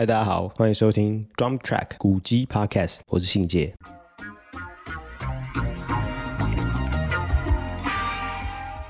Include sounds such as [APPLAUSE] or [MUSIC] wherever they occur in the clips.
嗨，大家好，歡迎收聽《Drum Track 鼓跡 Podcast》，我是信介。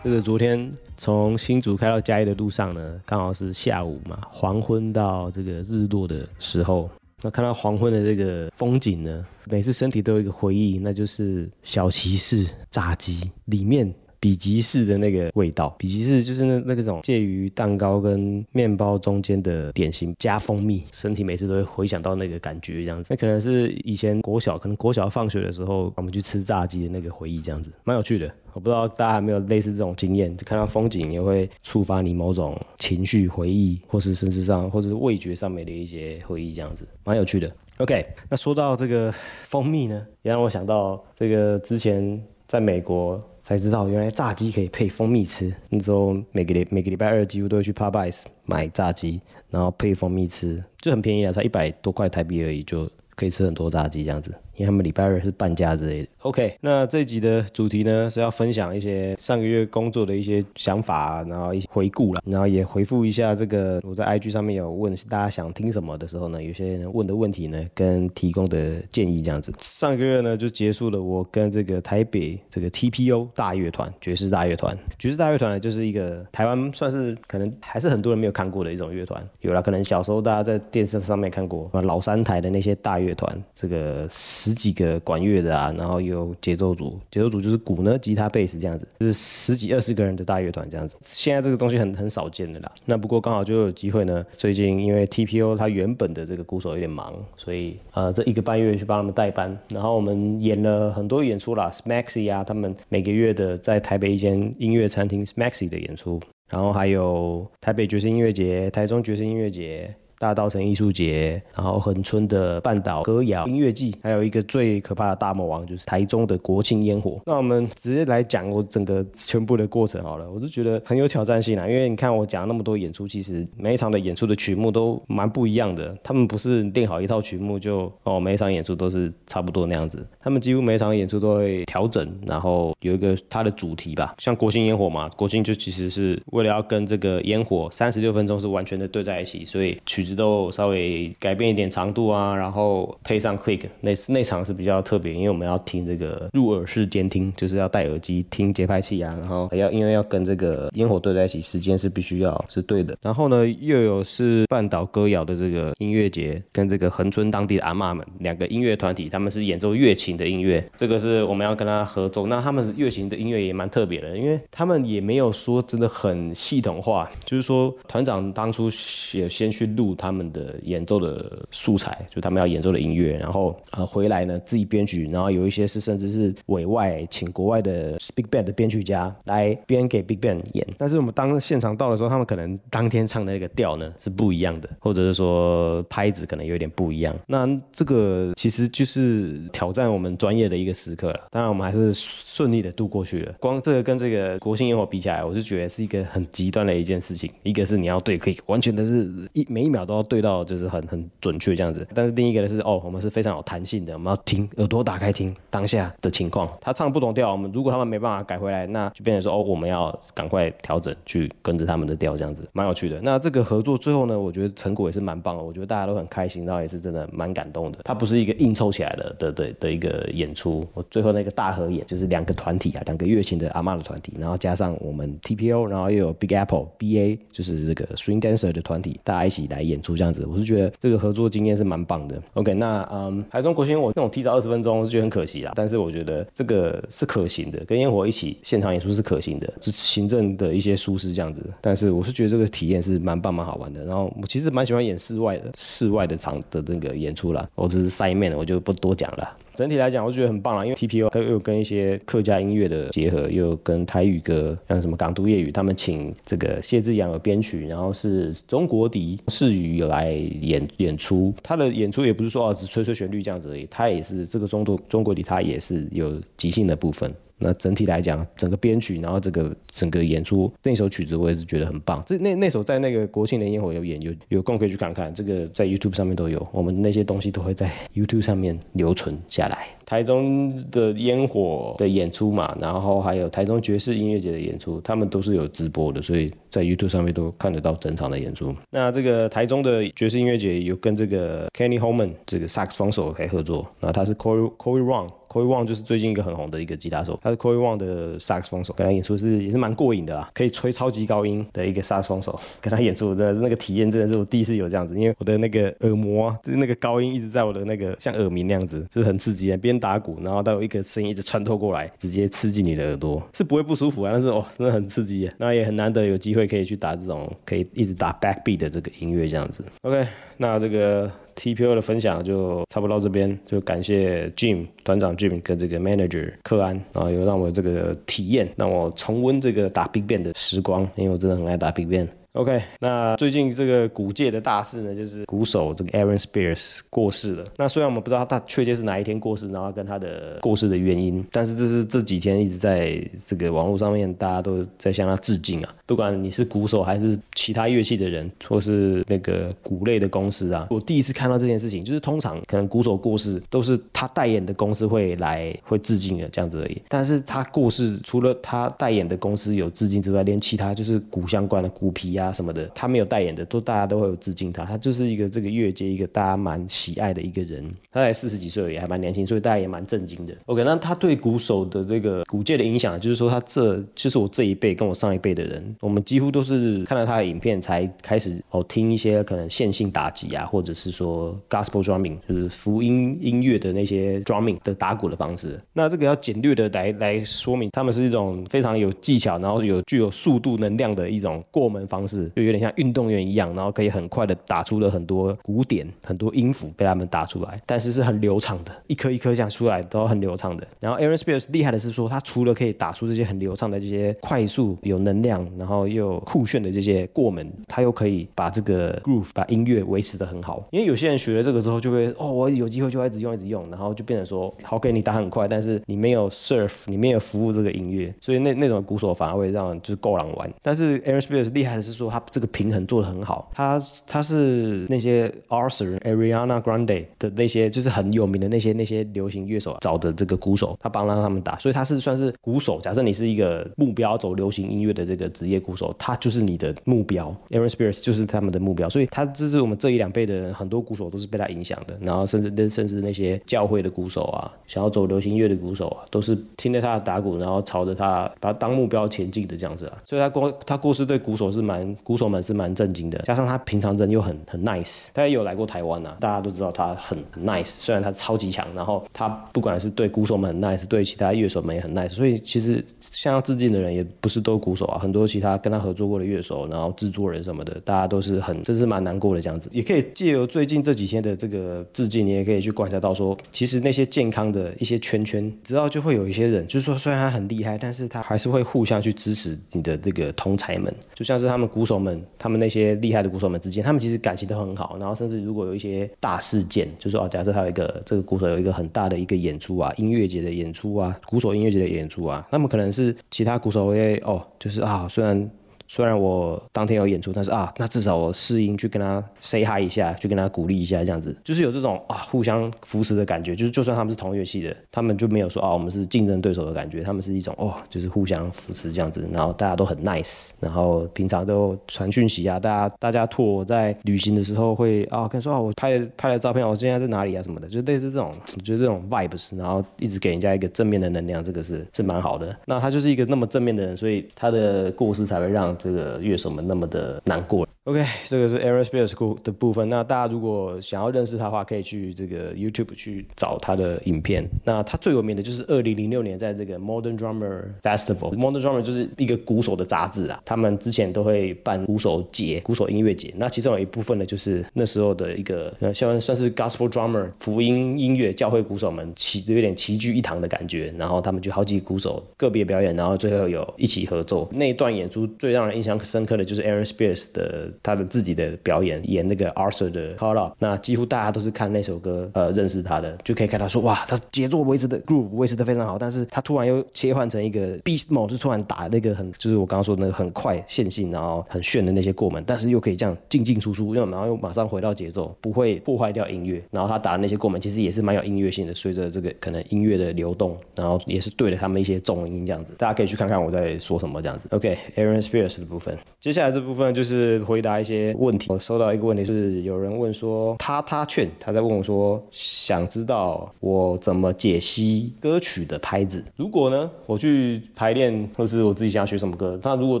這個昨天從新竹開到嘉義的路上呢，剛好是下午嘛，黃昏到這個日落的時候，那看到黃昏的這個風景呢，每次身體都有一個回憶，那就是《小騎士炸雞》裡面。比吉士的那個味道，比吉士就是那那個種介於蛋糕跟麵包中間的點心，加蜂蜜，身體每次都會回想到那個感覺，這樣子。那可能是以前國小，可能國小放學的時候，我們去吃炸雞的那個回憶，這樣子，蠻有趣的。我不知道大家有沒有類似這種經驗，就看到風景也會觸發你某種情緒回憶，或是甚至上，或是味覺上面的一些回憶，這樣子，蠻有趣的。OK，那說到這個蜂蜜呢，也讓我想到這個之前在美國。才知道原來炸雞可以配蜂蜜吃。那時候每個禮每個禮拜二幾乎都會去 Pub Ice 買炸雞，然後配蜂蜜吃，就很便宜啊，才一百多塊台幣而已，就可以吃很多炸雞這樣子。因為他們禮拜日是半價之類的。OK，那這集的主題呢是要分享一些上個月工作的一些想法、啊，然後一些回顧了，然後也回覆一下這個我在 IG 上面有問大家想聽什麼的時候呢，有些人問的問題呢跟提供的建議這樣子。上個月呢就結束了我跟這個台北這個 TPO 大樂團爵士大樂團，爵士大樂團呢，就是一個台灣算是可能還是很多人沒有看過的一種樂團，有啦，可能小時候大家在電視上面看過老三台的那些大樂團這個。十幾個管樂的啊，然後有節奏組，節奏組就是鼓呢、吉他、貝斯這樣子，就是十幾二十個人的大樂團這樣子。現在這個東西很很少見的啦。那不過剛好就有機會呢。最近因為 TPO 他原本的這個鼓手有點忙，所以呃這一個半月去幫他們代班。然後我們演了很多演出啦，Smexy 啊，他們每個月的在台北一間音樂餐廳 Smexy 的演出，然後還有台北爵士音樂節、台中爵士音樂節。大稻埕藝術節，然後恆春的半島歌謠音樂季，還有一個最可怕的大魔王就是台中的國慶煙火。那我們直接來講我整個全部的過程好了，我是覺得很有挑戰性啊，因為你看我講了那麼多演出，其實每一場的演出的曲目都蠻不一樣的，他們不是定好一套曲目就哦每一場演出都是差不多那樣子，他們幾乎每一場演出都會調整，然後有一個它的主題吧，像國慶煙火嘛，國慶就其實是為了要跟這個煙火三十六分鐘是完全的對在一起，所以曲都稍微改變一點長度啊，然後配上 click，那那場是比較特別，因為我們要聽這個入耳式監聽，就是要戴耳機聽節拍器啊，然後還要因為要跟這個煙火對在一起，時間是必須要是對的。然後呢，又有是半島歌謠的這個音樂節，跟這個恆春當地的阿媽們兩個音樂團體，他們是演奏月琴的音樂，這個是我們要跟他合奏。那他們月琴的音樂也蠻特別的，因為他們也沒有說真的很系統化，就是說團長當初也先去錄。他們的演奏的素材，就他們要演奏的音樂，然後呃回來呢自己編曲，然後有一些是甚至是委外請國外的 Big Band 的編曲家來編給 Big Band 演。但是我們當現場到的時候，他們可能當天唱的那個調呢是不一樣的，或者是說拍子可能有點不一樣。那這個其實就是挑戰我們專業的一個時刻了。當然我們還是順利的度過去了。光這個跟這個國慶煙火比起來，我就覺得是一個很極端的一件事情。一個是你要對 Click，完全的是一每一秒。然後對到的就是很很準確這樣子，但是另一個呢是哦，我們是非常有彈性的，我們要聽，耳朵打開聽當下的情況。他唱不同調，我們如果他們沒辦法改回來，那就變成說哦，我們要趕快調整去跟着他們的調這樣子，蠻有趣的。那這個合作最後呢，我覺得成果也是蠻棒的，我覺得大家都很開心，然後也是真的蠻感動的。它不是一個硬湊起來的的的的一個演出，我最後那個大合演就是兩個團體啊，兩個月琴的阿媽的團體，然後加上我們 TPO，然後又有 Big Apple BA 就是這個 Swing Dancer 的團體，大家一起來演。出這樣子，我是覺得這個合作經驗是蠻棒的。OK，那嗯，海中國行，我這種提早二十分鐘，我是覺得很可惜啦。但是我覺得這個是可行的，跟煙火一起現場演出是可行的。就行政的一些疏失這樣子，但是我是覺得這個體驗是蠻棒、蠻好玩的。然後我其實蠻喜歡演室外的，室外的場的那個演出啦，我只是 Side Man，我就不多講了。整體來講，我就覺得很棒啦，因為 TPO 又跟一些客家音樂的結合，又跟台語歌，像什麼港都夜雨，他們請這個謝志陽有編曲，然後是中國笛士瑜來演演出。他的演出也不是說哦只吹吹旋律這樣子而已，他也是這個中度中國笛，他也是有即興的部分。那整體來講，整個編曲，然後這個整個演出那首曲子，我也是覺得很棒。這那那首在那個國慶的煙火有演有有，有共可以去看看。這個在 YouTube 上面都有，我們那些東西都會在 YouTube 上面留存下來。台中的煙火的演出嘛，然後還有台中爵士音樂節的演出，他們都是有直播的，所以在 YouTube 上面都看得到整場的演出。那這個台中的爵士音樂節有跟這個 Kenny Holman 這個薩克 s 雙手可以合作，那他是 Co c o y w r o g Cory Wong 就是最近一個很紅的一個吉他手，他是 Cory Wong 的薩克斯風手，跟他演出是也是蠻過癮的啦，可以吹超級高音的一個薩克斯風手，跟他演出真的是那個體驗真的是我第一次有這樣子，因為我的那個耳膜就是那個高音一直在我的那個像耳鳴那樣子，就是很刺激啊，邊打鼓然後到有一個聲音一直穿透過來，直接刺激你的耳朵，是不會不舒服啊，但是哦，真的很刺激啊，那也很難得有機會可以去打這種可以一直打 backbeat 的這個音樂這樣子，OK。OK，那這個。TPO 的分享就差不多到這邊，就感謝 Jim 團長 Jim 跟這個 Manager 克安啊，有讓我這個體驗，讓我重溫這個打 B 變的時光，因為我真的很愛打 B 變。OK，那最近這個鼓界的大事呢，就是鼓手這個 Aaron Spears 過世了。那雖然我們不知道他確切是哪一天過世，然後跟他的過世的原因，但是這是這幾天一直在這個網絡上面，大家都在向他致敬啊。不管你是鼓手還是其他樂器的人，或是那個鼓類的公司啊，我第一次看到這件事情，就是通常可能鼓手過世都是他代言的公司會來會致敬的這樣子而已。但是他過世，除了他代言的公司有致敬之外，連其他就是鼓相關的鼓皮啊。啊什麼的，他沒有代言的，都大家都會有致敬他。他就是一個這個樂界一個大家蠻喜愛的一個人。他才四十幾歲，也還蠻年輕，所以大家也蠻震驚的。OK，那他對鼓手的這個鼓界的影響，就是說他這就是我這一輩跟我上一輩的人，我們幾乎都是看到他的影片才開始哦聽一些可能線性打擊啊，或者是說 gospel drumming，就是福音音樂的那些 drumming 的打鼓的方式。那這個要簡略的來來說明，他們是一種非常有技巧，然後有具有速度能量的一種過門方式。是，就有點像運動員一樣，然後可以很快的打出了很多鼓點，很多音符被他們打出來，但是是很流暢的，一顆一顆這樣出來，都很流暢的。然後 Aaron Spears 厲害的是說，他除了可以打出這些很流暢的這些快速有能量，然後又酷炫的這些過門，他又可以把這個 groove 把音樂維持的很好。因為有些人學了這個之後，就會哦，我有機會就會一直用一直用，然後就變成說，好給你打很快，但是你沒有 surf，你沒有服務這個音樂，所以那那種鼓手反而會讓就是夠難玩。但是 Aaron Spears 厲害的是說。說他這個平衡做得很好，他他是那些 Arthur Ariana Grande 的那些就是很有名的那些那些流行樂手啊，找的這個鼓手，他幫他他們打，所以他是算是鼓手。假設你是一個目標走流行音樂的這個職業鼓手，他就是你的目標，Aaron Spears 就是他們的目標，所以他這是我們這一兩輩的人，很多鼓手都是被他影響的，然後甚至甚至那些教會的鼓手啊，想要走流行音樂的鼓手啊，都是聽着他的打鼓，然後朝着他把他當目標前進的這樣子啊，所以他過他過世對鼓手是蠻。鼓手們是蠻震驚的，加上他平常人又很很 nice，他也有來過台灣啊，大家都知道他很很 nice。雖然他超級強，然後他不管是對鼓手們很 nice，對其他樂手們也很 nice。所以其實向他致敬的人也不是都鼓手啊，很多其他跟他合作過的樂手，然後製作人什麼的，大家都是很真是蠻難過的這樣子。也可以借由最近這幾天的這個致敬，你也可以去觀察到說，其實那些健康的一些圈圈，知道就會有一些人，就是說雖然他很厲害，但是他還是會互相去支持你的這個同儕們，就像是他們鼓。鼓手們，他們那些厲害的鼓手們之間，他們其實感情都很好。然後，甚至如果有一些大事件，就是哦，假設他有一個這個鼓手有一個很大的一個演出啊，音樂節的演出啊，鼓手音樂節的演出啊，那麼可能是其他鼓手會哦，就是啊，雖然。雖然我當天有演出，但是啊，那至少我試音去跟他 say hi 一下，去跟他鼓勵一下，這樣子就是有這種啊互相扶持的感覺。就是就算他們是同樂器的，他們就沒有說啊我們是競爭對手的感覺，他們是一種哦就是互相扶持這樣子。然後大家都很 nice，然後平常都傳訊息啊，大家大家托我在旅行的時候會啊跟說啊我拍了拍了照片，我現在在哪裡啊什麼的，就類似這種，就這種 vibes，然後一直給人家一個正面的能量，這個是是蠻好的。那他就是一個那麼正面的人，所以他的故事才會讓這個樂手們那麼的難過了。OK，這個是 Aaron Spears 的部分。那大家如果想要認識他的話，可以去這個 YouTube 去找他的影片。那他最有名的就是二零零六年在這個 Modern Drummer Festival。Modern Drummer 就是一個鼓手的雜誌啊，他們之前都會辦鼓手節、鼓手音樂節。那其中有一部分呢，就是那時候的一個像算是 Gospel Drummer 福音音樂教會鼓手們齊有點齊聚一堂的感覺。然後他們就好幾個鼓手個別表演，然後最後有一起合作那一段演出，最讓人印象深刻的就是 Aaron Spears 的他的自己的表演，演那個 Usher 的 Caught Up，那幾乎大家都是看那首歌，呃，認識他的，就可以看到說，哇，他節奏維持的 groove 維持的非常好，但是他突然又切換成一個 Beast Mode，就突然打那個很，就是我剛剛說那個很快線性，然後很炫的那些過門，但是又可以這樣進進出出，然後然後又馬上回到節奏，不會破壞掉音樂，然後他打的那些過門其實也是蠻有音樂性的，隨着這個可能音樂的流動，然後也是對了他們一些重音這樣子，大家可以去看看我在說什麼這樣子。OK，Aaron Spears。這部分，接下來這部分就是回答一些問題。我收到一個問題，是有人問說他他勸他在問我說，想知道我怎麼解析歌曲的拍子。如果呢，我去排練，或者是我自己想要學什麼歌，那如果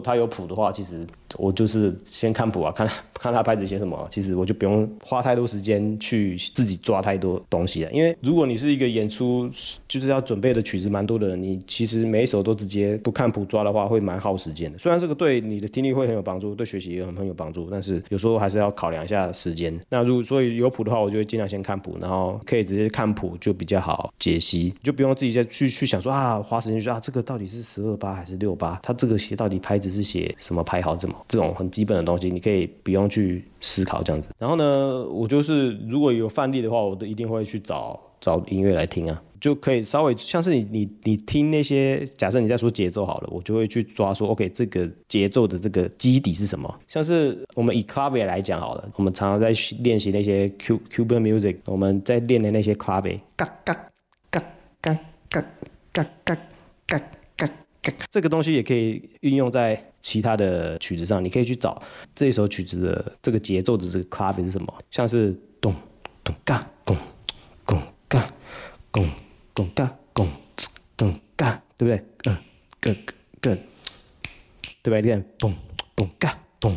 他有譜的話，其實。我就是先看譜啊，看看他拍子寫什麼。其實我就不用花太多時間去自己抓太多東西了。因為如果你是一個演出，就是要準備的曲子蠻多的，人，你其實每一首都直接不看譜抓的話，會蠻耗時間的。雖然這個對你的聽力會很有幫助，對學習也很很有幫助，但是有時候還是要考量一下時間。那如果說有譜的話，我就會盡量先看譜，然後可以直接看譜就比較好解析，就不用自己再去去想說啊，花時間去啊，這個到底是十二八還是六八？他這個寫到底拍子是寫什麼拍號怎麼？這種很基本的東西，你可以不用去思考這樣子。然後呢，我就是如果有範例的話，我都一定會去找找音樂來聽啊，就可以稍微像是你你你聽那些，假設你在說節奏好了，我就會去抓說，OK，這個節奏的這個基底是什麼？像是我們以 clavier 來講好了，我們常常在練習那些 cub cuban music，我們在練的那些 clavier 嘎嘎嘎嘎嘎嘎嘎，咖咖這個東西也可以運用在其他的曲子上，你可以去找這一首曲子的這個節奏的這個 clave 是什麼，像是咚咚嘎、咚咚嘎、咚咚嘎、咚咚嘎、咚，對不對？嗯，嘎嘎對不對？你咚咚嘎、咚。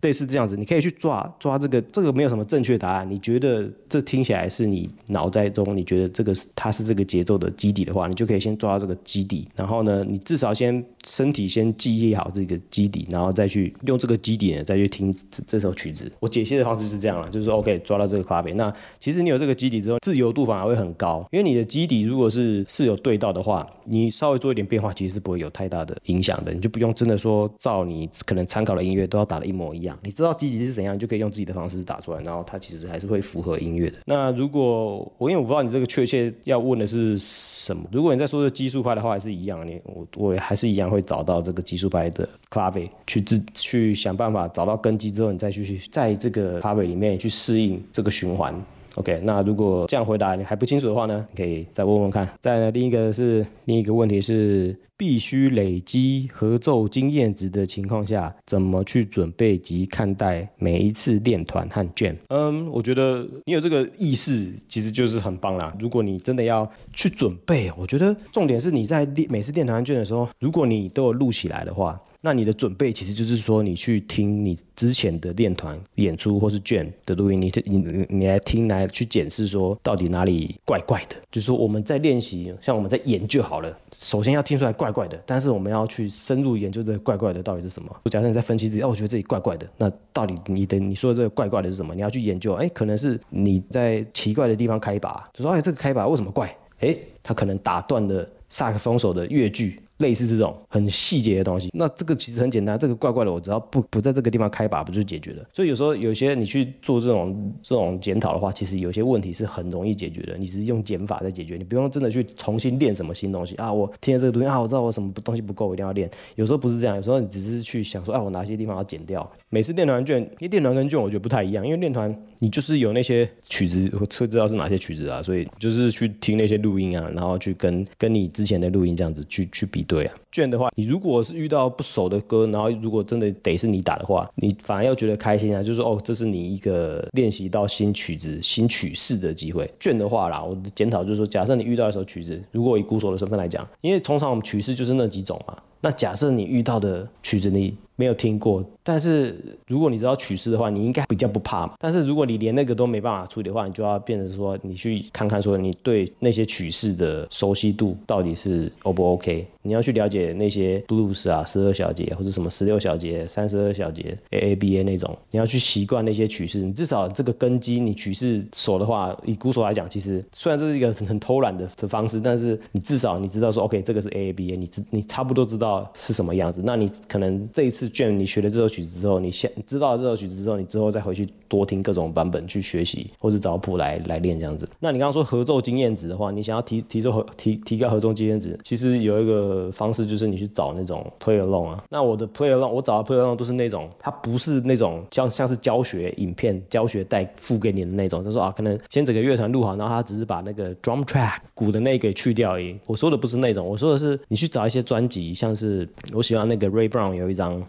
類似這樣子，你可以去抓抓這個，這個沒有什麼正確答案。你覺得這聽起來是你腦袋中你覺得這個它是這個節奏的基底的話，你就可以先抓到這個基底。然後呢，你至少先身體先記憶好這個基底，然後再去用這個基底呢，再去聽這首曲子。我解析的方式是這樣了，就是說 OK 抓到這個咖啡。那其實你有這個基底之後，自由度反而會很高，因為你的基底如果是是有對到的話，你稍微做一點變化，其實是不會有太大的影響的。你就不用真的說照你可能參考的音樂都要打。一模一樣，你知道基底是怎樣，你就可以用自己的方式打出來，然後它其實還是會符合音樂的。那如果我因為我不知道你這個確切要問的是什麼，如果你在說的基數拍的話，還是一樣，你我我還是一樣會找到這個基數拍的 clave 去自去想辦法找到根基之後，你再去在這個 clave 裡面去適應這個循環。OK，那如果這樣回答你還不清楚的話呢，可以再問問看。再來另一個是另一個問題是，必須累積合奏經驗值的情況下，怎麼去準備及看待每一次練團和 Jam？嗯，我覺得你有這個意識，其實就是很棒啦。如果你真的要去準備，我覺得重點是你在練每次練團和 Jam 的時候，如果你都有錄起來的話。那你的準備其實就是說，你去聽你之前的練團演出或是 Jam 的錄音，你，你你你來聽，來去檢視說，到底哪裡怪怪的。就是說我們在練習，像我們在演就好了。首先要聽出來怪怪的，但是我們要去深入研究這個怪怪的到底是什麼。我假設你在分析自己，哦、啊，我覺得這裡怪怪的，那到底你的你說的這個怪怪的是什麼？你要去研究，哎、欸，可能是你在奇怪的地方開一把，就說哎、欸、這個開把為什麼怪？誒、欸，他可能打斷了薩克風手的樂句。類似這種很細節的東西，那這個其實很簡單，這個怪怪的，我只要不不在這個地方開把，不就解決了。所以有時候有些你去做這種這種檢討的話，其實有些問題是很容易解決的，你只是用減法在解決，你不用真的去重新練什麼新東西啊。我聽了這個東西啊，我知道我什麼東西不夠，我一定要練。有時候不是這樣，有時候你只是去想說，啊，我哪些地方要減掉？每次練團卷，因為練團跟卷我覺得不太一樣，因為練團你就是有那些曲子，我知道是哪些曲子啊，所以就是去聽那些錄音啊，然後去跟跟你之前的錄音這樣子去去比。對啊，捲的話，你如果是遇到不熟的歌，然後如果真的得是你打的話，你反而要覺得開心啊，就是說哦，這是你一個練習到新曲子、新曲式的機會。捲的話啦，我的檢討就是說，假設你遇到一首曲子，如果以鼓手的身份來講，因為通常我們曲式就是那幾種嘛，那假設你遇到的曲子你沒有聽過，但是如果你知道曲式的話，你應該比較不怕嘛。但是如果你連那個都沒辦法處理的話，你就要變成說，你去看看說，你對那些曲式的熟悉度到底是 O 不 OK？你要去了解那些 blues 啊，十二小節或者什麼十六小節、三十二小節 A A B A 那種，你要去習慣那些曲式。你至少這個根基，你曲式手的話，以鼓手來講，其實雖然這是一個很偷懶的的方式，但是你至少你知道說 OK，這個是 A A B A，你知你差不多知道是什麼樣子。那你可能這一次。試卷，你學了這首曲子之後，你先知道了這首曲子之後，你之後再回去多聽各種版本去學習，或者找譜來來練這樣子。那你剛剛說合奏經驗值的話，你想要提提升合提提高合奏經驗值，其實有一個方式就是你去找那種 play along 啊。那我的 play along 我找的 play along 都是那種，它不是那種像像是教學影片、教學帶付給你的那種。就是、說啊，可能先整個樂團錄好，然後他只是把那個 drum track 鼓的那一個給去掉而已。我說的不是那種，我說的是你去找一些專輯，像是我喜歡那個 Ray Brown 有一張。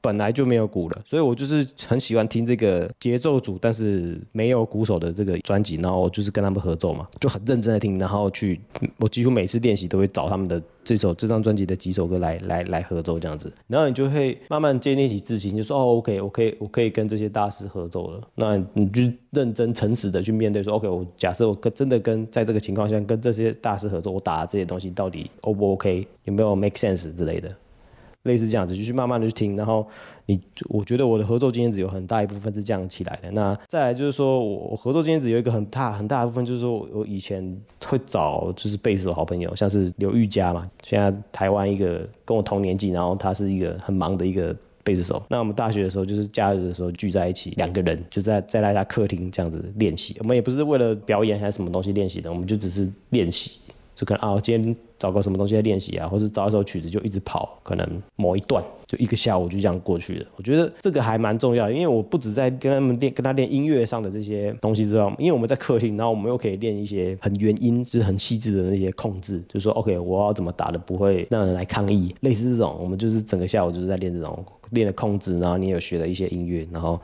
本來就沒有鼓了，所以我就是很喜歡聽這個節奏組，但是沒有鼓手的這個專輯，然後就是跟他們合奏嘛，就很認真的聽，然後去我幾乎每次練習都會找他們的這首這張專輯的幾首歌來來來合奏這樣子，然後你就會慢慢建立起自信，就說哦，OK，我可以我可以跟這些大師合奏了，那你就認真誠實的去面對，說 OK，我假設我跟真的跟在這個情況下跟這些大師合奏，我打這些東西到底 O 不 OK，有沒有 make sense 之類的。類似這樣子，就去慢慢的去聽，然後你，我覺得我的合作經驗值有很大一部分是這樣起來的。那再來就是說我，我合作經驗值有一個很大很大一部分就是說我以前會找就是貝斯手好朋友，像是劉玉佳嘛，現在台灣一個跟我同年紀，然後他是一個很忙的一個貝斯手。那我們大學的時候就是假日的時候聚在一起，兩個人就在在，在大家客廳這樣子練習，我們也不是為了表演還是什麼東西練習的，我們就只是練習。就可能啊，今天找個什麼東西來練習啊，或是找一首曲子就一直跑，可能某一段就一個下午就這樣過去了。我覺得這個還蠻重要的，因為我不止在跟他們練，跟他練音樂上的這些東西之後，因為我們在客廳，然後我們又可以練一些很元音，就是很細緻的那些控制，就是說，OK，我要怎麼打的不會讓人來抗議，類似這種，我們就是整個下午就是在練這種練的控制，然後你也有學了一些音樂，然後。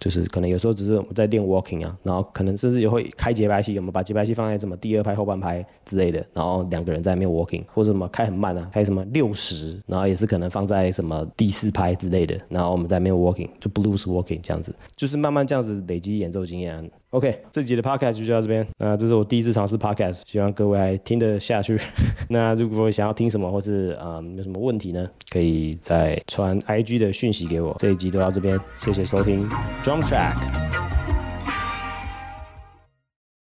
就是可能有時候只是我們在練 walking 啊，然後可能甚至也會開節拍器，我們把節拍器放在什麼第二拍、後半拍之類的，然後兩個人在那邊 walking 或者什麼開很慢啊，開什麼六十，然後也是可能放在什麼第四拍之類的，然後我們在那邊 walking，就 blues walking 這樣子，就是慢慢這樣子累積演奏經驗啊。OK，這集的 Podcast 就到這邊。那、呃、這是我第一次嘗試 Podcast，希望各位還聽得下去。 [LAUGHS] 那如果想要聽什麼，或是啊，有、呃、什麼問題呢，可以再傳 IG 的訊息給我。這一集就到這邊，謝謝收聽。Drum track。